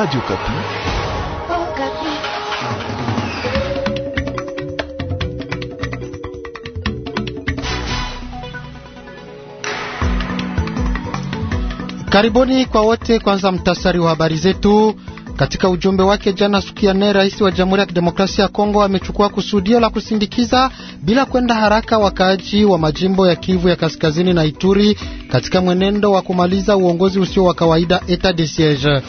Radio Kapi. Oh, Kapi. Karibuni kwa wote. Kwanza mtasari wa habari zetu. Katika ujumbe wake jana siku ya nne, rais wa Jamhuri ya Kidemokrasia ya Kongo amechukua kusudio la kusindikiza bila kwenda haraka wakaaji wa majimbo ya Kivu ya Kaskazini na Ituri katika mwenendo wa kumaliza uongozi usio wa kawaida, etat de siege.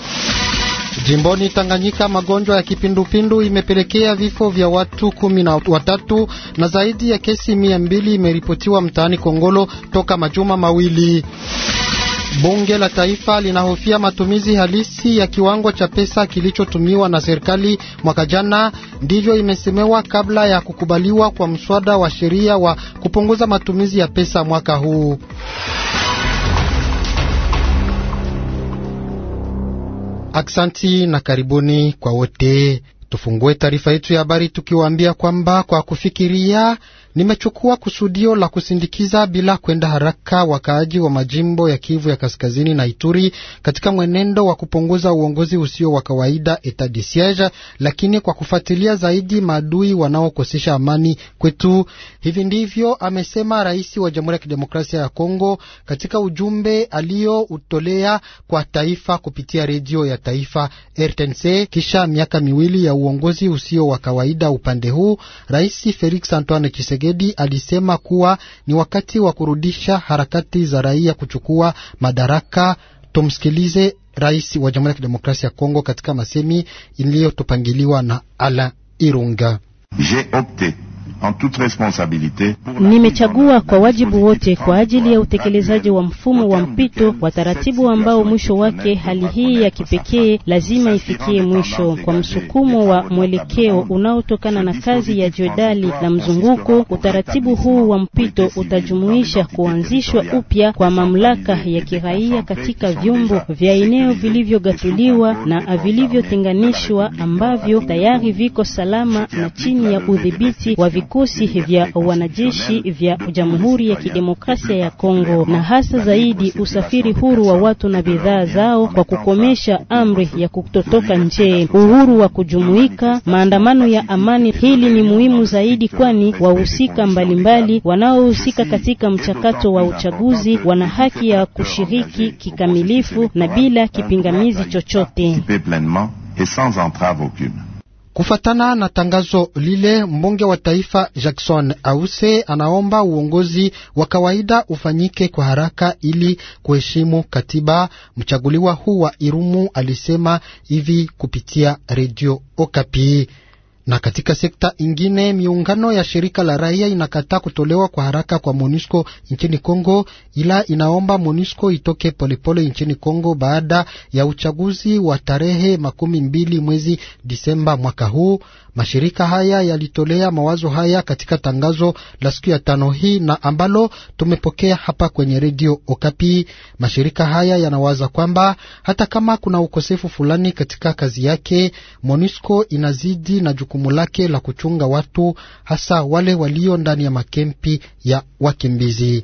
Jimboni Tanganyika, magonjwa ya kipindupindu imepelekea vifo vya watu kumi na watatu na zaidi ya kesi mia mbili imeripotiwa mtaani Kongolo toka majuma mawili. Bunge la taifa linahofia matumizi halisi ya kiwango cha pesa kilichotumiwa na serikali mwaka jana. Ndivyo imesemewa kabla ya kukubaliwa kwa mswada wa sheria wa kupunguza matumizi ya pesa mwaka huu. Aksanti na karibuni kwa wote. Tufungue taarifa yetu ya habari tukiwaambia kwamba kwa kufikiria Nimechukua kusudio la kusindikiza bila kwenda haraka wakaaji wa majimbo ya Kivu ya Kaskazini na Ituri katika mwenendo wa kupunguza uongozi usio wa kawaida etat de siege, lakini kwa kufuatilia zaidi maadui wanaokosesha amani kwetu. Hivi ndivyo amesema rais wa Jamhuri ya Kidemokrasia ya Kongo katika ujumbe aliyoutolea kwa taifa kupitia redio ya taifa RTNC kisha miaka miwili ya uongozi usio wa kawaida. Upande huu Rais Felix Antoine Tshisekedi Tshisekedi alisema kuwa ni wakati wa kurudisha harakati za raia kuchukua madaraka. Tumsikilize rais wa Jamhuri ya Kidemokrasia ya Kongo katika masemi iliyotupangiliwa na Ala Irunga. J'ai opté Nimechagua kwa wajibu wote kwa ajili ya utekelezaji wa mfumo wa mpito wa taratibu ambao mwisho wake hali hii ya kipekee lazima ifikie mwisho kwa msukumo wa mwelekeo unaotokana na kazi ya jedali na mzunguko. Utaratibu huu wa mpito utajumuisha kuanzishwa upya kwa mamlaka ya kiraia katika vyombo vya eneo vilivyogatuliwa na vilivyotenganishwa ambavyo tayari viko salama na chini ya udhibiti wa vikosi vya wanajeshi vya Jamhuri ya Kidemokrasia ya Kongo na hasa zaidi usafiri huru wa watu na bidhaa zao kwa kukomesha amri ya kutotoka nje, uhuru wa kujumuika, maandamano ya amani. Hili ni muhimu zaidi, kwani wahusika mbalimbali wanaohusika katika mchakato wa uchaguzi wana haki ya kushiriki kikamilifu na bila kipingamizi chochote. Kufatana na tangazo lile, mbunge wa taifa Jackson Ause anaomba uongozi wa kawaida ufanyike kwa haraka ili kuheshimu katiba. Mchaguliwa huu wa Irumu alisema hivi kupitia redio Okapi. Na katika sekta ingine, miungano ya shirika la raia inakataa kutolewa kwa haraka kwa MONUSCO nchini Kongo, ila inaomba MONUSCO itoke polepole nchini Kongo baada ya uchaguzi wa tarehe makumi mbili mwezi Disemba mwaka huu. Mashirika haya yalitolea mawazo haya katika tangazo la siku ya tano hii na ambalo tumepokea hapa kwenye redio Okapi. Mashirika haya yanawaza kwamba hata kama kuna ukosefu fulani katika kazi yake, MONUSCO inazidi na jukumu lake la kuchunga watu, hasa wale walio ndani ya makempi ya wakimbizi.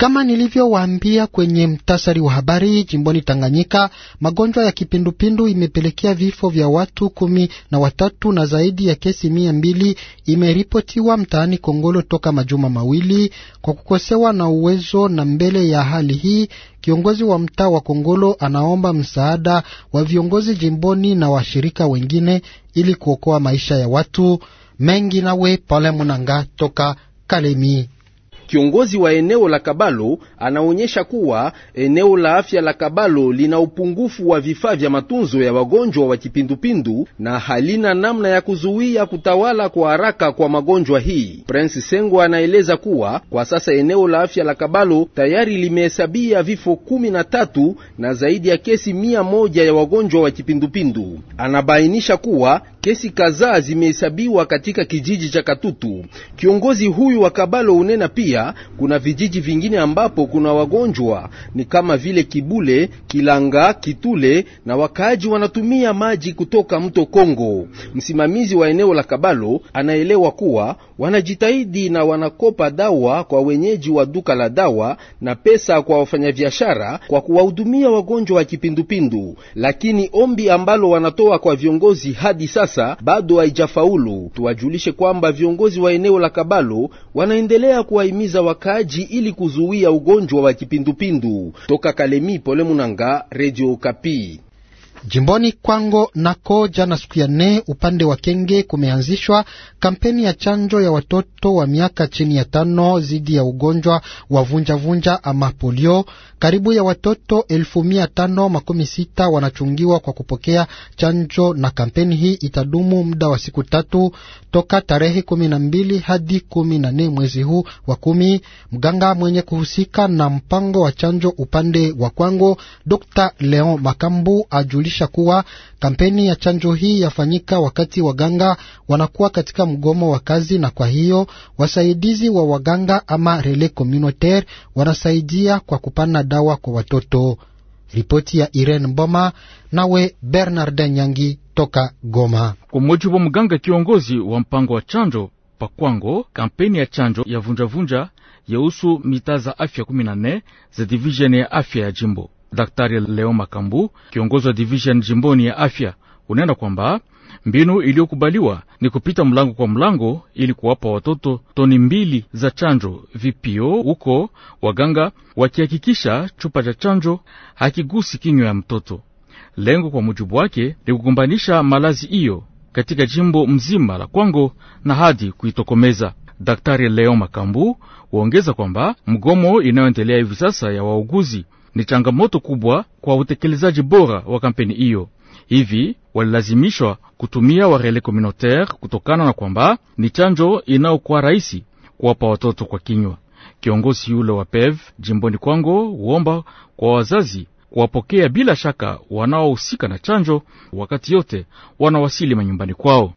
Kama nilivyowaambia kwenye mtasari wa habari, jimboni Tanganyika, magonjwa ya kipindupindu imepelekea vifo vya watu kumi na watatu na zaidi ya kesi mia mbili imeripotiwa mtaani Kongolo toka majuma mawili. Kwa kukosewa na uwezo na mbele ya hali hii, kiongozi wa mtaa wa Kongolo anaomba msaada wa viongozi jimboni na washirika wengine ili kuokoa maisha ya watu mengi. Nawe Pale Munanga toka Kalemi. Kiongozi wa eneo la Kabalo anaonyesha kuwa eneo la afya la Kabalo lina upungufu wa vifaa vya matunzo ya wagonjwa wa kipindupindu na halina namna ya kuzuia kutawala kwa haraka kwa magonjwa hii. Prince Sengo anaeleza kuwa kwa sasa eneo la afya la Kabalo tayari limehesabia vifo kumi na tatu na zaidi ya kesi mia moja ya wagonjwa wa kipindupindu. Anabainisha kuwa Kesi kadhaa zimehesabiwa katika kijiji cha Katutu. Kiongozi huyu wa Kabalo unena pia kuna vijiji vingine ambapo kuna wagonjwa ni kama vile Kibule, Kilanga, Kitule na wakaaji wanatumia maji kutoka mto Kongo. Msimamizi wa eneo la Kabalo anaelewa kuwa wanajitahidi na wanakopa dawa kwa wenyeji wa duka la dawa na pesa kwa wafanyabiashara kwa kuwahudumia wagonjwa wa kipindupindu, lakini ombi ambalo wanatoa kwa viongozi hadi sasa bado haijafaulu. Tuwajulishe kwamba viongozi wa eneo la Kabalo wanaendelea kuwahimiza wakaaji ili kuzuia ugonjwa wa kipindupindu. Toka Kalemi, Pole Munanga, Radio Kapi. Jimboni Kwango nako jana siku ya nne upande wa Kenge kumeanzishwa kampeni ya chanjo ya watoto wa miaka chini ya tano dhidi ya ugonjwa wa vunjavunja ama polio. Karibu ya watoto elfu mia tano makumi sita wanachungiwa kwa kupokea chanjo, na kampeni hii itadumu muda wa siku tatu toka tarehe kumi na mbili hadi kumi na nne mwezi huu wa kumi. Mganga mwenye kuhusika na mpango wa chanjo upande wa Kwango Dr Leon Makambu ajuli kujulisha kuwa kampeni ya chanjo hii yafanyika wakati waganga wanakuwa katika mgomo wa kazi, na kwa hiyo wasaidizi wa waganga ama relais communautaire wanasaidia kwa kupana dawa kwa watoto. Ripoti ya Irene Mboma nawe Bernard Nyangi toka Goma. Kwa mujibu wa mganga kiongozi wa mpango wa chanjo Pakwango, kampeni ya chanjo ya vunjavunja yahusu mitaa za afya 14 za divisheni ya afya ya jimbo Daktari Leo Makambu, kiongozi wa division jimboni ya afya, unaenda kwamba mbinu iliyokubaliwa ni kupita mlango kwa mlango ili kuwapa watoto toni mbili za chanjo vipio, huko waganga wakihakikisha chupa cha chanjo hakigusi kinywa ya mtoto. Lengo kwa mujibu wake ni kugombanisha malazi hiyo katika jimbo mzima la Kwango na hadi kuitokomeza. Daktari Leo Makambu huongeza kwamba mgomo inayoendelea hivi sasa ya wauguzi ni changamoto kubwa kwa utekelezaji bora wa kampeni hiyo. Hivi walilazimishwa kutumia warele communautaire kutokana na kwamba ni chanjo inayokuwa rahisi kuwapa watoto kwa kinywa. Kiongozi yule wa PEV jimboni Kwango huomba kwa wazazi kuwapokea bila shaka wanaohusika na chanjo wakati yote wanawasili manyumbani kwao.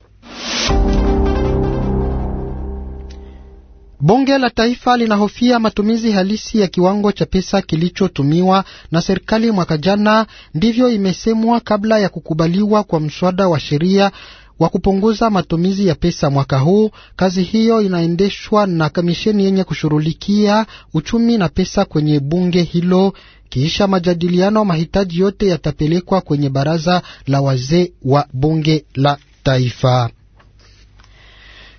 Bunge la taifa linahofia matumizi halisi ya kiwango cha pesa kilichotumiwa na serikali mwaka jana, ndivyo imesemwa kabla ya kukubaliwa kwa mswada wa sheria wa kupunguza matumizi ya pesa mwaka huu. Kazi hiyo inaendeshwa na kamisheni yenye kushughulikia uchumi na pesa kwenye bunge hilo. Kisha majadiliano, mahitaji yote yatapelekwa kwenye baraza la wazee wa bunge la taifa.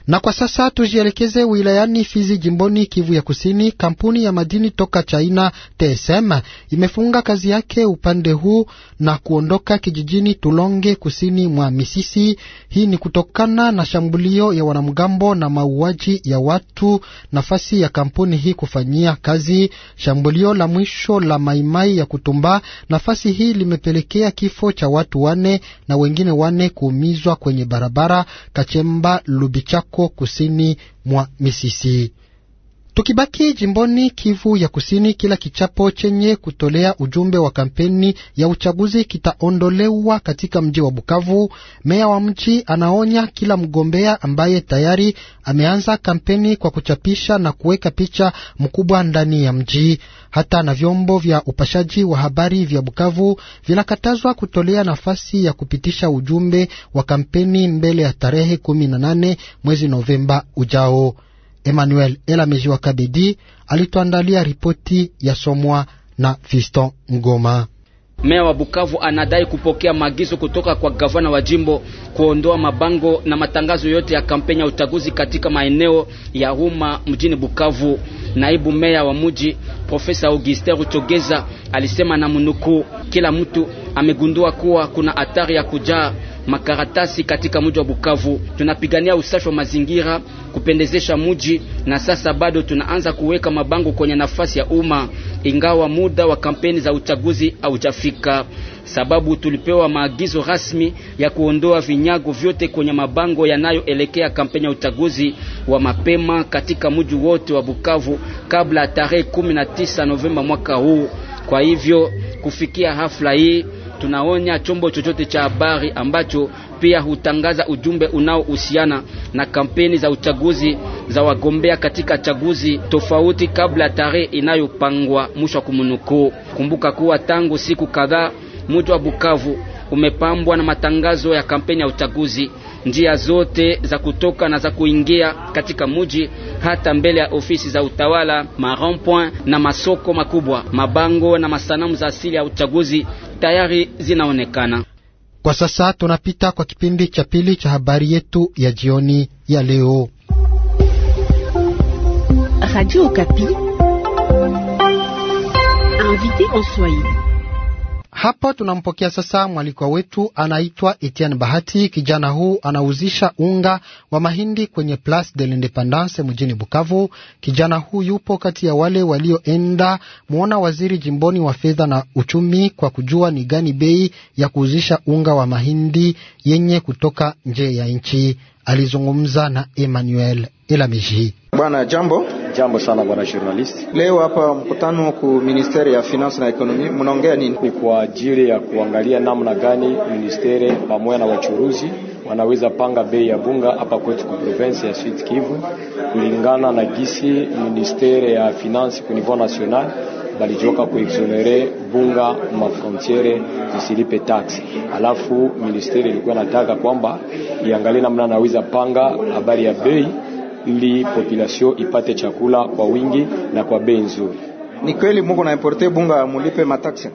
Na kwa sasa tujielekeze wilayani Fizi, jimboni Kivu ya Kusini. Kampuni ya madini toka China TSM imefunga kazi yake upande huu na kuondoka kijijini Tulonge, kusini mwa Misisi. Hii ni kutokana na shambulio ya wanamgambo na mauaji ya watu nafasi ya kampuni hii kufanyia kazi. Shambulio la mwisho la Maimai ya Kutumba nafasi hii limepelekea kifo cha watu wane na wengine wane kuumizwa kwenye barabara Kachemba Lubichako huko kusini mwa Misisi. Tukibaki jimboni Kivu ya Kusini, kila kichapo chenye kutolea ujumbe wa kampeni ya uchaguzi kitaondolewa katika mji wa Bukavu. Meya wa mji anaonya kila mgombea ambaye tayari ameanza kampeni kwa kuchapisha na kuweka picha mkubwa ndani ya mji. Hata na vyombo vya upashaji wa habari vya Bukavu vinakatazwa kutolea nafasi ya kupitisha ujumbe wa kampeni mbele ya tarehe 18 mwezi Novemba ujao. Emmanuel elamezi wa Kabedi alituandalia ripoti ya somwa na Fiston Ngoma. Meya wa Bukavu anadai kupokea maagizo kutoka kwa gavana wa jimbo kuondoa mabango na matangazo yote ya kampeni ya uchaguzi katika maeneo ya umma mjini Bukavu. Naibu meya wa muji Profesa Augustin Ruchogeza alisema na munukuu, kila mtu amegundua kuwa kuna hatari ya kujaa makaratasi katika mji wa Bukavu. Tunapigania usafi wa mazingira, kupendezesha mji, na sasa bado tunaanza kuweka mabango kwenye nafasi ya umma, ingawa muda wa kampeni za uchaguzi haujafika, sababu tulipewa maagizo rasmi ya kuondoa vinyago vyote kwenye mabango yanayoelekea kampeni ya uchaguzi wa mapema katika mji wote wa Bukavu kabla ya tarehe 19 Novemba mwaka huu. Kwa hivyo kufikia hafla hii tunaonya chombo chochote cha habari ambacho pia hutangaza ujumbe unaohusiana na kampeni za uchaguzi za wagombea katika chaguzi tofauti kabla tarehe inayopangwa. Mwisho wa kumnukuu. Kumbuka kuwa tangu siku kadhaa mji wa Bukavu umepambwa na matangazo ya kampeni ya uchaguzi. Njia zote za kutoka na za kuingia katika muji, hata mbele ya ofisi za utawala, marompoint na masoko makubwa, mabango na masanamu za asili ya uchaguzi tayari zinaonekana. Kwa sasa tunapita kwa kipindi cha pili cha habari yetu ya jioni ya leo. Radio Okapi, invité en Swahili. Hapo tunampokea sasa mwalikwa wetu anaitwa Etienne Bahati. Kijana huu anauzisha unga wa mahindi kwenye Place de l'Independance mjini Bukavu. Kijana huu yupo kati ya wale walioenda mwona waziri jimboni wa fedha na uchumi kwa kujua ni gani bei ya kuuzisha unga wa mahindi yenye kutoka nje ya nchi. Alizungumza na Emmanuel Elamiji. Bwana jambo. Jambo sana bwana journalist. Leo hapa mkutano ku ministeri ya finance na ekonomi mnaongea nini? Ni kwa ajili ya kuangalia namna gani ministeri pamoja na wachuruzi wanaweza panga bei ya bunga hapa kwetu ku province ya Sud Kivu kulingana na gisi ministeri ya finance ku niveau national balijoka kuexonere bunga mafrontiere zisilipe tax. Alafu ministeri ilikuwa nataka kwamba iangalie namna anaweza panga habari ya bei ili population ipate chakula kwa wingi na kwa bei nzuri. Ni kweli muko na importe bunga mulipe mataksi?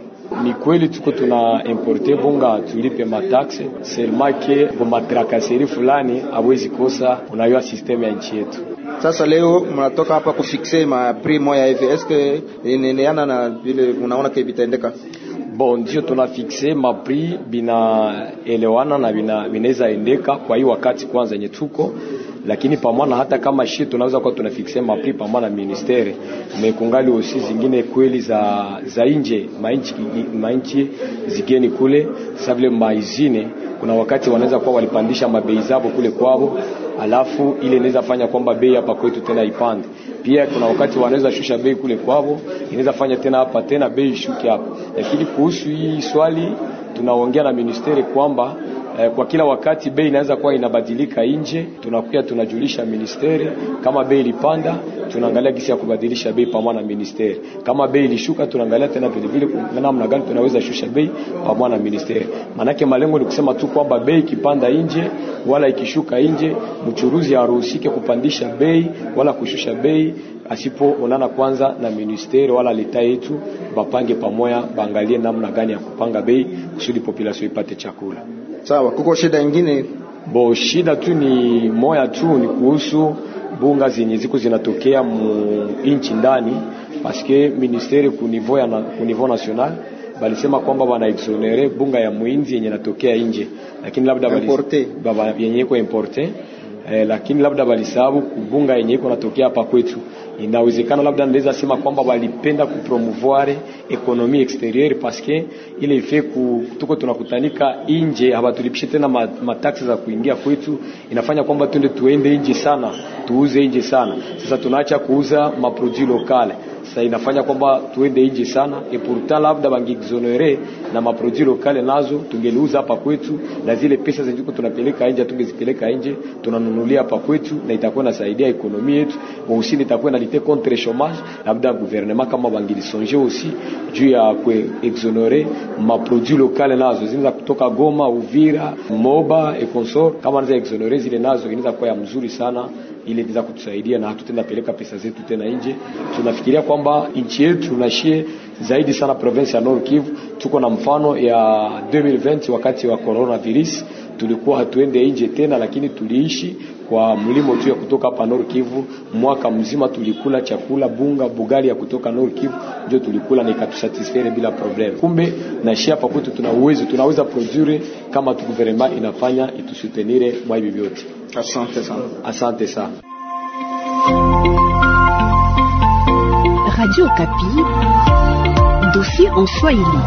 Ni kweli tuko tuna importe bunga tulipe mataksi, selmake ke bomatrakaseri fulani abwezi kosa, unayoa sisteme ya nchi yetu. Sasa leo mnatoka hapa kufikse ma prix moya hivi, eske inaendana na vile unaona ke vitaendeka? Bon, ndio tunafikse mapri binaelewana na binaweza bina endeka kwa hii wakati kwanza yenye tuko lakini pamoja hata kama shi tunaweza kuwa tunafikisia mapri pamoja na ministeri mekungali osi zingine kweli za za nje mainchi mainchi zigeni kule sable maizine, kuna wakati wanaweza kuwa walipandisha mabei zao kule kwao, alafu ile inaweza fanya kwamba bei hapa kwetu tena ipande. Pia kuna wakati wanaweza shusha bei kule kwao, inaweza fanya tena hapa tena bei ishuke hapa. Lakini kuhusu hii swali tunaongea na ministeri kwamba eh, kwa kila wakati bei inaweza kuwa inabadilika nje, tunakuja tunajulisha ministeri. Kama bei ilipanda, tunaangalia gisi ya kubadilisha bei pamoja na ministeri. Kama bei ilishuka, tunaangalia tena vile vile namna gani tunaweza shusha bei pamoja na ministeri. Manake malengo ni kusema tu kwamba bei ikipanda nje wala ikishuka nje, mchuruzi haruhusike kupandisha bei wala kushusha bei asipoonana kwanza na ministeri wala leta yetu, bapange pamoja, baangalie namna gani ya kupanga bei kusudi population ipate chakula. Sawa, kuko shida nyingine bo? Shida tu ni moya tu, ni kuhusu bunga zenye ziko zinatokea mu inchi ndani, paske ministeri ku niveau kunivo national balisema kwamba wana exonere bunga ya muinzi yenye natokea nje, lakini labda importe baba yenye iko importe eh, lakini labda balisababu kubunga yenye iko natokea hapa kwetu Inawezekana labda naweza sema kwamba walipenda kupromouvoir ekonomi exterieur que ile ife tuko tunakutanika nje, hawatulipishe tena mataksi za kuingia kwetu, inafanya kwamba tuende tuende nje sana, tuuze nje sana. Sasa tunaacha kuuza maproduit lokale sasa inafanya kwamba tuende nje sana e pourtant labda bangeexonere na maproduit lokale nazo tungeliuza hapa kwetu na zile pesa zenjuko tunapeleka nje tungezipeleka nje tunanunulia hapa kwetu na itakuwa inasaidia ekonomi yetu usini itakuwa inalite contre chômage labda gouvernement kama bangilisonge aussi juu ya kuexonere maproduit lokale nazo zinaweza kutoka Goma Uvira Moba Ekonsor, kama naza exonere zile nazo inaweza kuwa ya mzuri sana ili itaweza kutusaidia na hatutenda peleka pesa zetu tena nje. Tunafikiria kwamba nchi yetu nashie zaidi sana province ya Nord Kivu. Tuko na mfano ya 2020 wakati wa coronavirus, tulikuwa hatuende nje tena, lakini tuliishi kwa mlimo tu ya kutoka hapa Nord Kivu. Mwaka mzima tulikula chakula bunga bugali ya kutoka Nord Kivu ndio tulikula na ikatusatisfaire bila problem. Kumbe na shia hapa kwetu tuna uwezo, tunaweza produire kama tu government inafanya itusutenire mwa hivi vyote. Asante sana, asante sana. Radio Kapi, dossier en Swahili.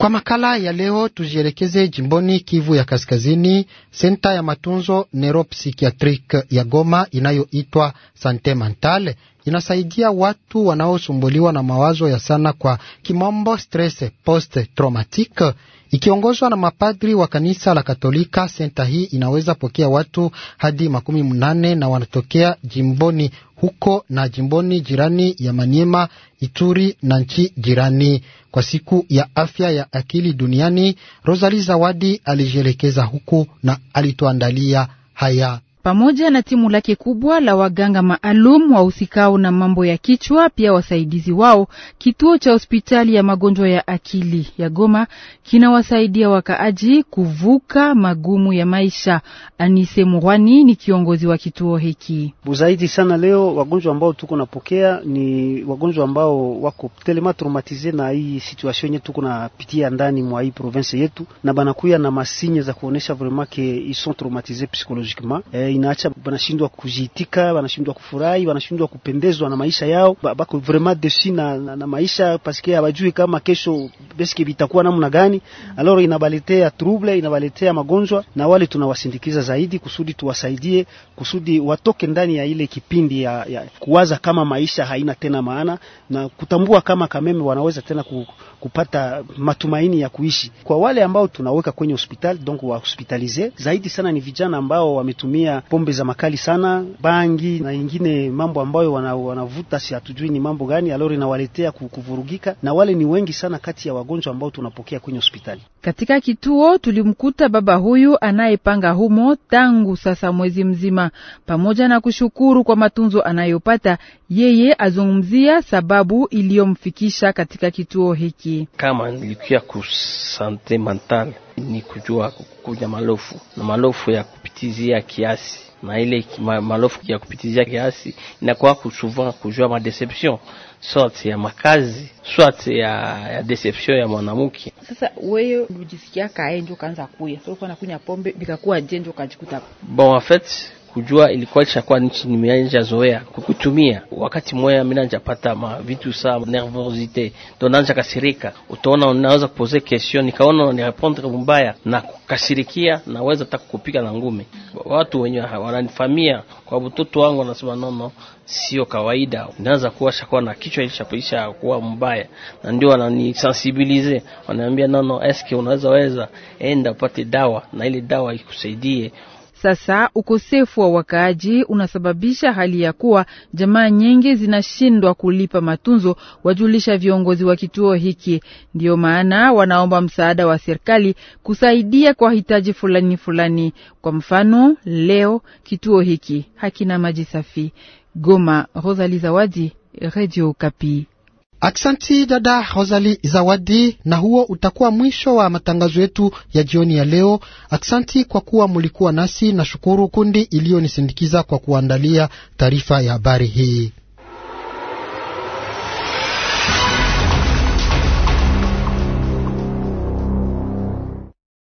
Kwa makala ya leo tujielekeze jimboni Kivu ya Kaskazini. Senta ya matunzo neuropsikiatrike ya Goma inayoitwa Sante Mentale inasaidia watu wanaosumbuliwa na mawazo ya sana, kwa kimombo stress post traumatic. Ikiongozwa na mapadri wa kanisa la Katolika, senta hii inaweza pokea watu hadi makumi mnane na wanatokea jimboni huko na jimboni jirani ya Maniema, Ituri na nchi jirani. Kwa siku ya afya ya akili duniani, Rosali Zawadi alijielekeza huku na alituandalia haya pamoja na timu lake kubwa la waganga maalum wahusikao na mambo ya kichwa, pia wasaidizi wao. Kituo cha hospitali ya magonjwa ya akili ya Goma kinawasaidia wakaaji kuvuka magumu ya maisha. Anise Murwani ni kiongozi wa kituo hiki. zaidi sana leo wagonjwa ambao tuko napokea ni wagonjwa ambao wako telema traumatize na hii situation yetu tuko napitia ndani mwa hii province yetu, na banakuya na masinye za kuonesha vraiment ke ils sont traumatisés psychologiquement eh, inaacha banashindwa kujitika, banashindwa kufurahi, banashindwa kupendezwa na maisha yao, bako vraiment deshi na, na, na maisha paske hawajui kama kesho beske vitakuwa namna gani. Alors inabaletea trouble, inabaletea magonjwa, na wale tunawasindikiza zaidi kusudi tuwasaidie, kusudi watoke ndani ya ile kipindi ya, ya kuwaza kama maisha haina tena maana na kutambua kama kameme wanaweza tena ku, kupata matumaini ya kuishi. Kwa wale ambao tunaweka kwenye hospitali donc wa hospitalize zaidi sana ni vijana ambao wametumia pombe za makali sana, bangi na ingine mambo ambayo wanavuta wana si hatujui ni mambo gani, alori inawaletea kuvurugika, na wale ni wengi sana kati ya wagonjwa ambao tunapokea kwenye hospitali. Katika kituo tulimkuta baba huyu anayepanga humo tangu sasa mwezi mzima. Pamoja na kushukuru kwa matunzo anayopata, yeye azungumzia sababu iliyomfikisha katika kituo hiki. Kama nilikia kusante mental ni kujua kukunya malofu na malofu ya kupitizia kiasi na ile ma, malofu ya kupitizia kiasi inakuwa souvent kujua madeception sorte ya makazi swat ya, ya deception ya mwanamke. Sasa wewe ulijisikia kae ndio kaanza kuya so, nakunya pombe bikakuwa je ndio kajikuta bon en fait kujua ilikuwa ilishakuwa nchi nimeanja zoea kukutumia. Wakati moya mimi najapata ma vitu sa nervosite donanja kasirika, utaona unaweza kupoze question, nikaona ni répondre mbaya na kukasirikia, naweza hata kukupiga na ngumi. Watu wenye wananifamia kwa mtoto wangu wanasema nono, sio kawaida, naanza kuwa shakuwa na kichwa ilishapoisha kuwa mbaya, na ndio wananisensibilize, wananiambia nono, eske unaweza weza enda upate dawa na ile dawa ikusaidie sasa ukosefu wa wakaaji unasababisha hali ya kuwa jamaa nyingi zinashindwa kulipa matunzo, wajulisha viongozi wa kituo hiki. Ndiyo maana wanaomba msaada wa serikali kusaidia kwa hitaji fulani fulani. Kwa mfano, leo kituo hiki hakina maji safi. Goma, Rosali Zawadi, Radio Kapi. Aksanti dada Rosali Zawadi, na huo utakuwa mwisho wa matangazo yetu ya jioni ya leo. Aksanti kwa kuwa mulikuwa nasi, na shukuru kundi iliyonisindikiza kwa kuandalia taarifa ya habari hii.